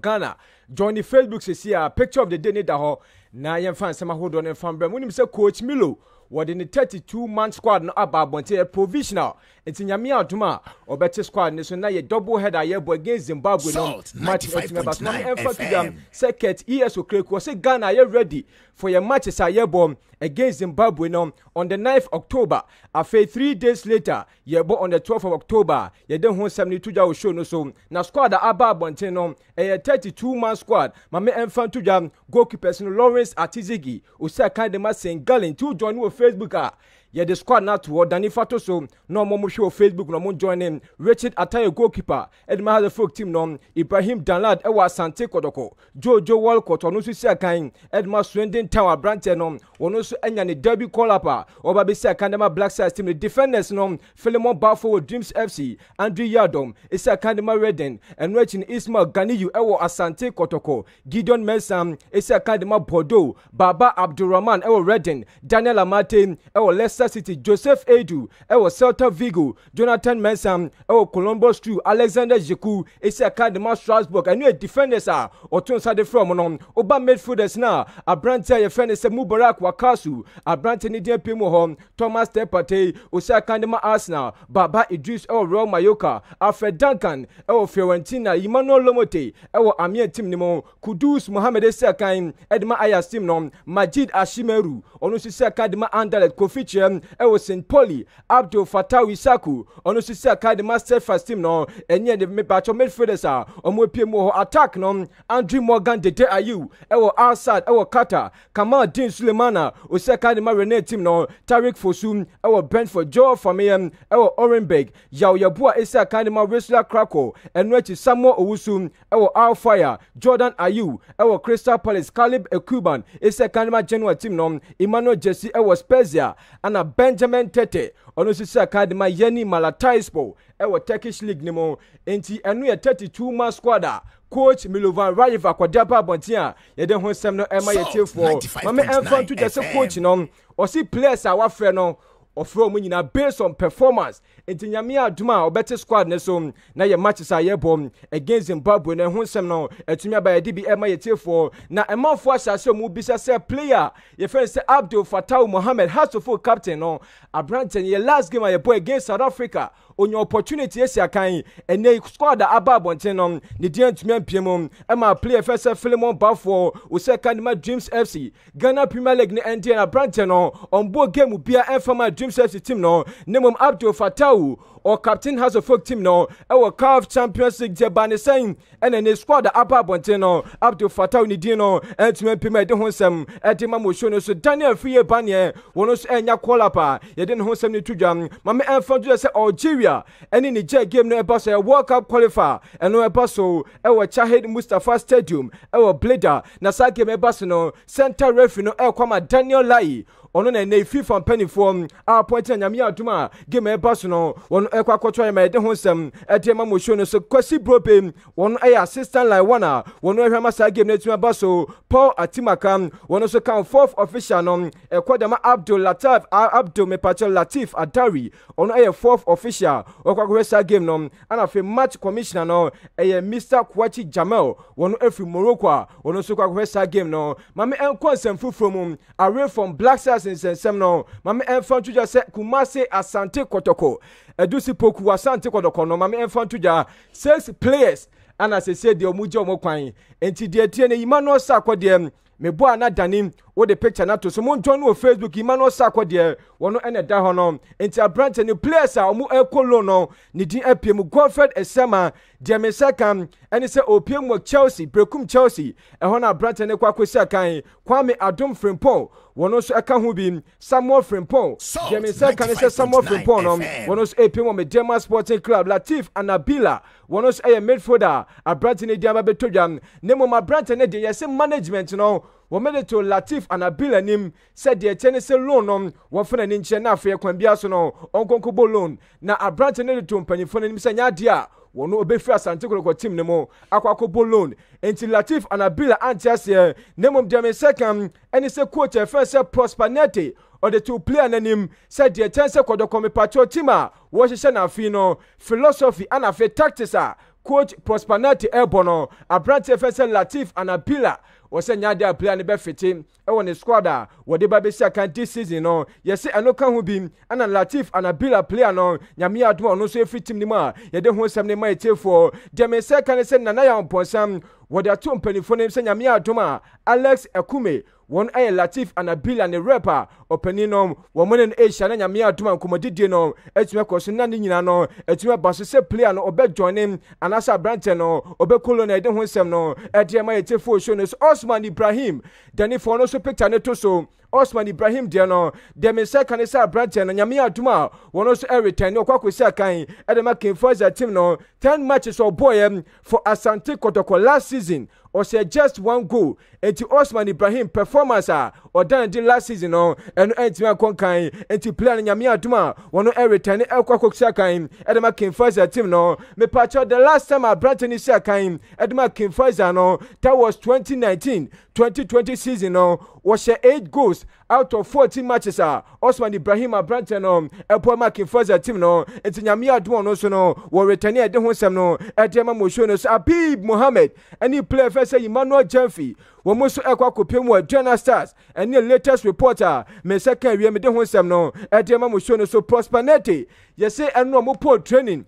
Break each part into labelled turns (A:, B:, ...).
A: of ghana johnny facebook sisi a uh, picture of the day ne da hɔ na yɛmfa nsɛm ahodoɔ ne mfa mbrɛ mu nim sɛ coach milo wɔde ne 32 man squad no aba abɔnten yɛ provisional nti nyame adom a ɔbɛte squad no so na yɛ double head a yɛbɔ against zimbabwe no match ɛtumi ɛba so na ɛmfa to dam es okrekuo sɛ e ghana yɛ ready for yɛ matches a yɛbɔ against zimbabwe no on the 9th october afei three days later yɛbɔ on the 12th of october yɛde ho nsɛm no to dwa wɔ show no so na squad a aba abɔnten no ɛyɛ 32 man squad mame ɛmfa to dwa goalkeepers no lawrence atizigi osaka dema st gallen two john wɔ Facebook. yɛde squad no ato hɔ dane fa so na ɔmo mo hwɛ wɔ facebook na ɔmo joine richard ataye goalkeeper ɛde ma hasa team no ibrahim danlad ɛwɔ asante kɔdɔkɔ jojo walcott ɔno nso si akan ɛde ma swindon town aberanteɛ no ɔno nso anya ne derby call up a ɔba bɛsi akan de black stars team ne defenders no philemon bafo wɔ dreams fc andrew yadom ɛsi akan de ma redden ɛno akyi no ismail ganiyu ɛwɔ asante kɔtɔkɔ gideon mensam ɛsi akan de bordeaux baba abdulrahman ɛwɔ redden daniel amate ɛwɔ leicester leicester city joseph edu ɛwɔ celta vigo jonathan mensam ɛwɔ Columbus strew alexander ziku esi akadema strasbourg ɛnu yɛ defenders a ɔtun nsa de fura ɔmo no ɔba midfielders na aberante a yɛfrɛ ne sɛ mubarak wakasu aberante ne deɛ pɛ mu hɔ thomas tepate esi akadema arsenal baba idris ɛwɔ real mayoka Alfred duncan ɛwɔ fiorentina emmanuel lomote ɛwɔ amia team ne mu kudus mohammed esi akan ɛdema ayas team no majid ashimeru ɔno nso si akadema andalet kofi kyerɛ um, ɛwɔ st pauli abdul fatah isaku ɔno nso si akadema steadfast team no ɛne ɛde mebatɔ midfielders a ɔmo apue mu wɔ attack no andrew morgan dede ayew ɛwɔ alsad ɛwɔ qatar kamal din sulemana osi akadema rene team no tarik fosu ɛwɔ brentford joel fameyɛ ɛwɔ orenberg yaoyabu a ɛsi akadema wesla krakow ɛno akyi samuel owusu ɛwɔ alfire jordan ayew ɛwɔ crystal palace caleb ekuban ɛsi akadema general team no emmanuel jesse ɛwɔ spezia ana na benjamin tete ɔno nso hyɛ akaade ma yɛni malataispo ɛwɔ turkish league ne mu nti ɛno yɛ two ma squad a coach milovan rayev akɔde aba abɔnten a yɛde ho nsɛm no ɛma yɛtiefoɔ mame ɛmfa nto gya sɛ coach no ɔse players a wafrɛ no ɔfrɛ ɔmo nyinaa based on performance nti nyame adoma a ɔbɛte squad ne so na yɛ matches a yɛbɔ against zimbabwe no ɛho nsɛm no atumi aba yɛde bi ɛma yɛtiefoɔ na ɛmanfoɔ ahyɛaseɛ ɔmo bisa sɛ player yɛfrɛ no sɛ abdul fatah mohammed hasofo captain no aberanteɛ no yɛ last game a yɛbɔ against south africa onye opportunity esi akan ene squad aba abɔnten no ne deɛ ntumi ampie mu ɛma player fɛ sɛ filimon bafoɔ osɛ kanima dreams fc ghana premier league ne ɛndeɛ na aberanteɛ no ɔmbɔ game bia ɛmfama dreams himself to team no ne mom abdul fatau or captain house of folk team no ɛwɔ caf champions league deɛ ba ne sɛn ɛna ne squad aba abɔnten no abdul fatah ne din no ɛntumi mpem ɛde ho nsɛm ɛde ma mo show so daniel fiye baneɛ wɔn nso ɛnya call up a yɛde ne ho nsɛm ne to dwam maame ɛnfa nso algeria ɛne niger game no ɛba so ɛyɛ world cup qualifier ɛno ɛba so ɛwɔ chahid mustapha stadium ɛwɔ bleda na saa game ɛba so no center referee no ɛrekwama daniel lai ɔno na ɛnɛ fifa mpanimfoɔ a apɔnten na nyame adom a game ɛba so no wɔn ɛkɔ akɔtɔ yɛ ma yɛde ho nsɛm ɛde ma mosuo no so kwasi brobe wɔn ɛyɛ assistant line one a wɔn ɛhwɛ ma saa game no atumi aba so paul atimaka wɔn nso kan fourth official no ɛkɔ dɛm abdul latif abdul mepatio latif adari wɔn ɛyɛ fourth official wɔkɔ akɔhwɛ saa game no ɛna afei match commissioner no ɛyɛ mr kwachi jamel wɔn ɛfiri morocco a wɔn nso kɔ akɔhwɛ saa game no maame ɛnkɔ nsɛm foforɔ mu away from black stars nsɛnsɛm no maame ɛnfa ntwitwa sɛ kumase asante kɔtɔkɔ edusi poku asante kɔdɔkɔ no maame ɛnfa nto gya six players ana sɛsɛ deɛ ɔmo gye ɔmo kwan nti deɛ tie no yima no ɔsa akɔ mebo a na dane wode picture no ato so mo no wɔ facebook imano ma no ɔsa ene deɛ wɔno ɛna ɛda hɔ no enti aberante ne players a ɔmo ɛkɔ lo no ne din apue mu godfred ɛsɛm a deɛ me nsa kan ɛne sɛ ɔpue mu chelsea brekum chelsea ɛhɔ no aberante ne kɔ akɔsi akan kwame adom frimpɔn wɔno nso ɛka ho bi samuel frimpɔn deɛ me nsa ka ne sɛ samuel frimpɔn no wɔno nso ɛpue wɔ medema sporting club latif anabila wɔno nso ɛyɛ midfielder aberante ne di aba bɛtɔ dwa ne mmom aberante ne deɛ yɛsɛ management no wɔn de to latif anabil anim sɛdeɛ kyɛ ne sɛ loan no wɔfena ne nkyɛn na afei kwan bia so no ɔnkɔnkɔ bɔ loan na aberante ne de to mpanyinfoɔ no anim sɛ nyɛ adeɛ a wɔn obɛfiri asante korokɔ team ne mu akɔ akɔbɔ loan nti latif anabil ante aseɛ ne mmom deɛ me sɛkam ɛne sɛ coach ɛfɛn sɛ prosper nete ɔde to player n'anim sɛdeɛ kyɛn sɛ kɔdɔkɔmepatɔ team a wɔhyehyɛ n'afi no philosophy ana afei tactics a coach prosperity ɛbɔ no aberanteɛ fɛ sɛ latif anabila wɔsɛ nyaade a player no bɛfete ɛwɔ ne squad a wɔde ba bɛsi akan this season no yɛsɛ ɛno ka ho bi ɛna latif anabila player no nyame adom a ɔno nso ɛfiri tim no mu a yɛde ho nsɛm no ma ɛtiefoɔ deɛ mesɛ ka ne sɛ nana yɛ ampɔnsam wɔde ato mpanimfoɔ no sɛ nyame adom a alex akume wɔn ɛyɛ latif anabila ne rep a ɔpanin no wɔn ne no ɛhyia na nyame adum a nkɔmmɔdidie no ɛtumi kɔ so na ne nyinaa no ɛtumi ba so sɛ player no ɔbɛdwɔne anaasɛ aberanteɛ no ɔbɛkolo na ɛde ho nsɛm no ɛde ɛma yɛte fo show no so osman ibrahim danifoɔ no so picture ne to so osman ibrahim deɛ no deɛ me nsa ka ne sɛ aberanteɛ no nyame adom a wɔno nso ɛretɛn ne ɔkɔ akɔsi akan ɛde ma kemfoza team no 10 matches ɔbɔɔyɛ for asante kɔtɔkɔ last season ɔsɛ just one goal nti osman ibrahim performance a ɔdan di last season no ɛno ɛntumi akɔ nkan nti player no nyame adom a wɔno ɛretɛne ɛkɔ akɔsi akan ɛde ma kemfoza team no mepakyɛw the last time aberante no si akan ɛde ma kemfoza no that was 2019 2020 season no wɔhyɛ eight goals out of fourteen matches a osman ibrahim aberante no ɛpɔ ma kinfasa team no nti nyame adoɔ no so no wɔretani ɛde ho nsɛm no ɛde ma mɔsuo no so abib mohammed ɛne player fɛ emmanuel jemfi wɔn mo so ɛkɔ akɔpem wɔ ghana stars ɛne latest report a mɛnsa kan awie mede ho nsɛm no ɛde ma mɔsuo no so prosper nete yɛsɛ ɛno a mopɔɔ training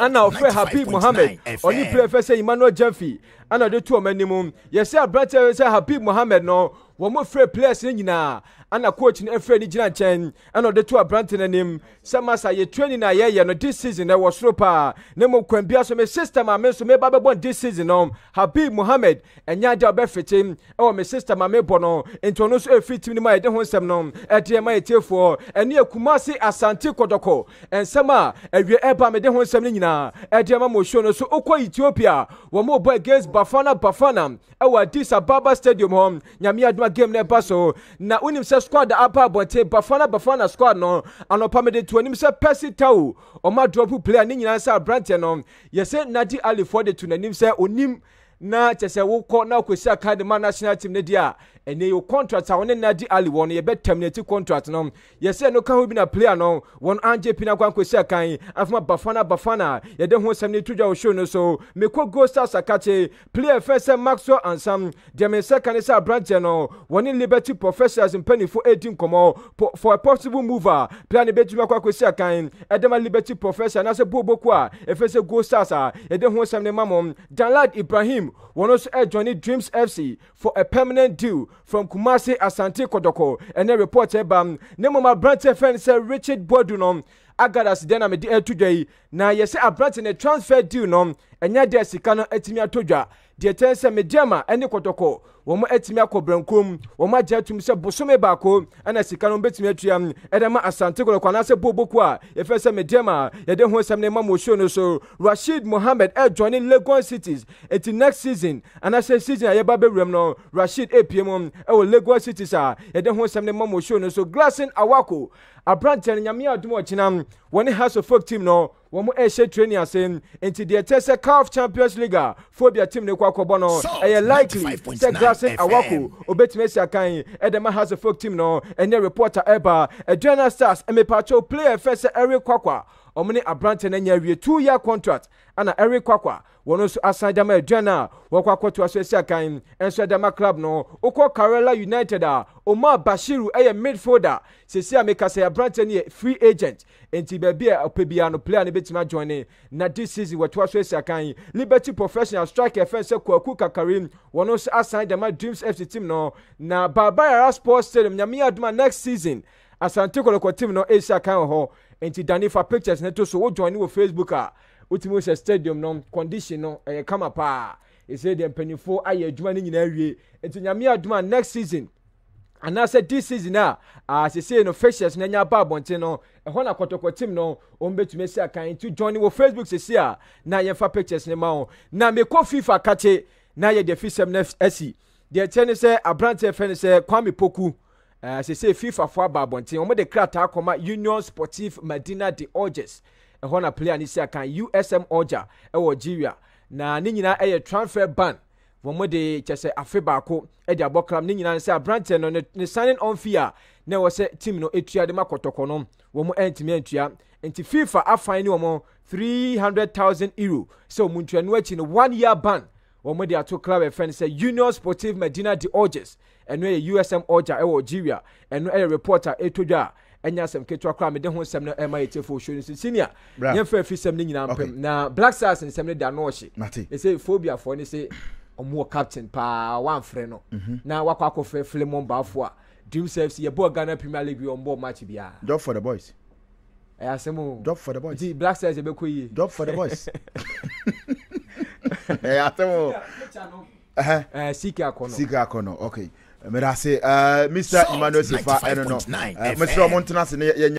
A: ana ɔfrɛ habib mohammed ɔne pira fɛ sɛ emmanuel jemfi ana ɔde to ɔm anim yɛsɛ aberante sɛ habib mohammed no wɔn frɛ players no nyinaa ana coach no afiri ni gyina nkyɛn ɛna ɔde to aberante no anim sɛ masa yɛ training a yɛyɛ no this season ɛwɔ soro paa na mmom kwan bia so me sister maame nso meba bɛbɔ no this season no habib mohammed ɛnyɛ agya ɔbɛfete ɛwɔ me sister maame bɔ no nti ɔno nso ɛfiri tim no ma yɛde ho nsɛm no ɛde ɛma yɛtiefoɔ ɛne akumase asante kɔdɔkɔ ɛnsɛm a awie ɛba mede ho nsɛm no nyinaa ɛde ɛma mɔsuo no so wokɔ ethiopia wɔ ma ɔbɔ against bafana bafana ɛwɔ adis ababa stadium hɔ nyame adoma game no ɛba so na wonim sɛ sɛ squad aba abɔnten bafana bafana squad no anɔpa mede to anim sɛ percy tao ɔma drɔpo player ne nyinaa sɛ aberanteɛ no yɛsɛ nadi alifoɔ de to n'anim sɛ onim na kyɛ sɛ wokɔ na akɔsi academy national team no deɛ a ɛnɛ yɛ contract a wɔne nadi ali wɔ no yɛbɛ terminate contract no yɛsɛ no ka ho bi na player no wɔn angye pina kwan kɔsi akan afoma bafana bafana yɛde ho sɛm ne tudwa wɔhyew no so mekɔ go stars akate player fɛ sɛ maxwell ansam deɛ me nsɛ ka ne sɛ aberanteɛ no wɔne liberty professors mpanimfoɔ ɛredi nkɔmmɔ for a possible mover player no bɛtumi akɔ akɔsi akan ɛdɛma liberty professor anaasɛ boboko a ɛfɛ sɛ go stars a yɛde ho sɛm ne ma mɔ danlad ibrahim wɔno nso ɛrejoine dreams fc for a permanent deal from Kumasi, asante kɔdɔkɔ ɛnɛ report ɛba ne mmom aberanteɛ fɛn sɛ richard bodu no agadas deɛ na mede today. Now, yes, na yɛsɛ in a transfer deal no ɛnyɛ deɛ sika no atumi atɔ dwa deɛ kyɛn sɛ mediama ne kɔtɔkɔ wɔn atumi akɔ brankom wɔn agye atum sɛ bosome baako ɛna sika no bɛtumi atua ɛde ma asante kɔlɔkɔ anaasɛ booboko a yɛfɛ sɛ mediama yɛde ho nsɛm ne ma mosuo no so rashid mohammed ɛjoine lagos cities eti next season anaasɛ season a yɛba bɛwuram no rashid apue mu ɛwɔ lagos cities a yɛde ho nsɛm ne ma mosuo no so glasin awako aberanteɛ no nyame adom ɔkyena wɔne hasofok team no wɔn ɛhyɛ training ase nti deɛ ɛkyɛ sɛ caf champions league a phobia team ne kɔ akɔbɔ no ɛyɛ likely sɛ grasen awako obetumi esi akan ɛdɛm ahasa folk team no ɛnyɛ reporter ɛba aduana stars mipatso player fɛ sɛ ɛrekɔkɔ ɔmo ne aberante no anya awie two year contract ana eric kwakwa wɔn nso asan dama aduane a wɔkɔ akɔtoa so asi akan nso dama club no wokɔ karela united a omar bashiru yɛ midfielder sesi a mekasa aberante no yɛ free agent nti baabi a ɔpɛ biara no player no bɛtumi adwɔne na this season wɔtoa so asi akan liberty professional striker fɛn sɛ kwaku kakari wɔn nso asan dama dreams fc team no na barbayara sports stadium nyame adoma next season asante kɔlɔkɔ team no asi akan wɔ hɔ nti dane fa pictures ne to so wo join wɔ facebook a wotumi sɛ stadium no condition no ɛyɛ kama paa ɛsɛ deɛ mpanimfoɔ ayɛ adwuma no nyinaa wie nti nyame adwuma next season anaasɛ this season a asesei no fashions no anya aba abɔnten no ɛhɔ na kɔtɔkɔ tim no wɔn bɛtumi asi akan nti join wɔ facebook sisi a na yɛmfa pictures no ma wɔn na mekɔ fifa kate na yɛ deɛ fisɛm no asi deɛ kyɛ ne sɛ aberanteɛ fɛ no sɛ kwame poku uh, eh, sese fifa fo aba abɔnten wɔn de krataa kɔma union sportive medina de orges ɛhɔ na player ne si aka usm orger ɛwɔ algeria na ne nyinaa ɛyɛ transfer ban wɔn de kyɛ sɛ afe baako ɛde abɔ kram ne nyinaa sɛ aberanteɛ no ne signing on fee a na ɛwɔ sɛ team no etua de ma kɔtɔkɔ no wɔn ɛntumi ɛntua nti fifa afan ne wɔn three hundred thousand euro sɛ wɔn ntua no akyi no one year ban wɔn de ato club ɛfɛ sɛ union sportive medina de orges ɛno yɛ usm orger ɛwɔ algeria ɛno ɛyɛ reporter ɛtɔ dwa a ɛnyɛ asɛm ketewa koraa mede ho nsɛm no ɛma yɛtiefo ohwɛ no so senia yɛmfa afi sɛm no nyinaa mpɛm na black stars nsɛm no da nɔɔhye ɛsɛ phobiafoɔ no sɛ ɔmoɔ captain paa wamfrɛ no mhm. na wakɔ akɔfrɛ filemon baafoɔ a dream service yɛbɔɔ ghana premier league ɔmbɔɔ match biara drop for the boys ɛyɛ asɛm o job for the boys nti black stars yɛbɛkɔ yie drop for the boys ɛyɛ asɛm o. sika akɔnɔ. sika akɔnɔ okay mmerɛ ase mr emmanuel sefa ɛno eh, no mesrɛ ɔmo ntena ase ne yɛnyɛ